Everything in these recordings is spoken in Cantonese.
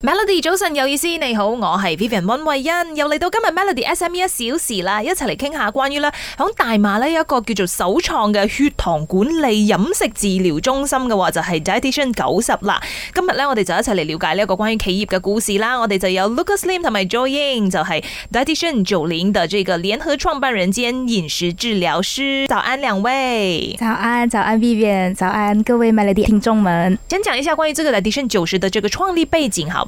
Melody 早晨有意思，你好，我係 Vivian 溫慧欣，又嚟到今日 Melody SME 一小時啦，一齊嚟傾下關於啦響大馬呢有一個叫做首創嘅血糖管理飲食治療中心嘅話就係 Dietitian 九十啦。今日呢我哋就一齊嚟了解呢一個關於企業嘅故事啦。我哋就有 Lucas Lim 同埋 Joanne 就係 Dietitian 九零的這個聯合創辦人兼飲食治療師。早安兩位，早安早安 Vivian，早安各位 Melody 聽眾們，先講一下關於這個 Dietitian 九十的這個創立背景，好。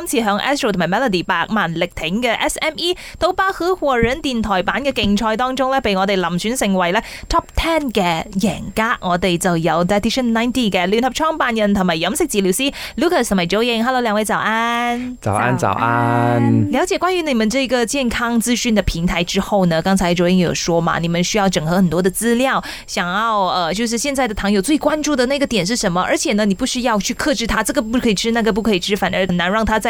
今次向 Astro 同埋 Melody 百萬力挺嘅 SME 都巴合伙人電台版嘅競賽當中咧，被我哋遴選成為咧 Top Ten 嘅贏家，我哋就有 Dietician Ninety 嘅聯合創辦人同埋飲食治療師 Lucas 同埋祖英，Hello 兩位早安，早安早安。早安。了解關於你們這個健康資訊的平台之後呢，剛才 j 祖英有說嘛，你們需要整合很多的資料，想要，呃，就是現在的糖友最關注的那個點是什麼？而且呢，你不需要去克制它，這個不可以吃，那個不可以吃，反而很難讓它在。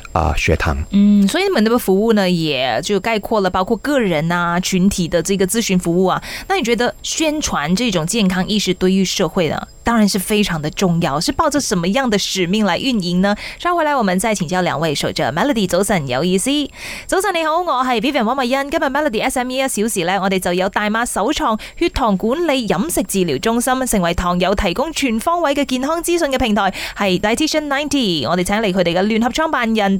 啊，血糖，嗯，所以你們呢個服務呢，也就概括了包括個人啊、群體的這個諮詢服務啊。那你覺得宣傳這種健康意識對於社會呢，當然是非常的重要。是抱着什麼樣的使命來運營呢？稍後回來，我們再請教兩位。守着 Melody 早晨，有意思。早晨你好，我係 Vivian 黃慧欣。今日 Melody SME 一小時咧，我哋就有大馬首創血糖管理飲食治療中心，成為糖友提供全方位嘅健康資訊嘅平台，係 Dietician Ninety。我哋請嚟佢哋嘅聯合創辦人。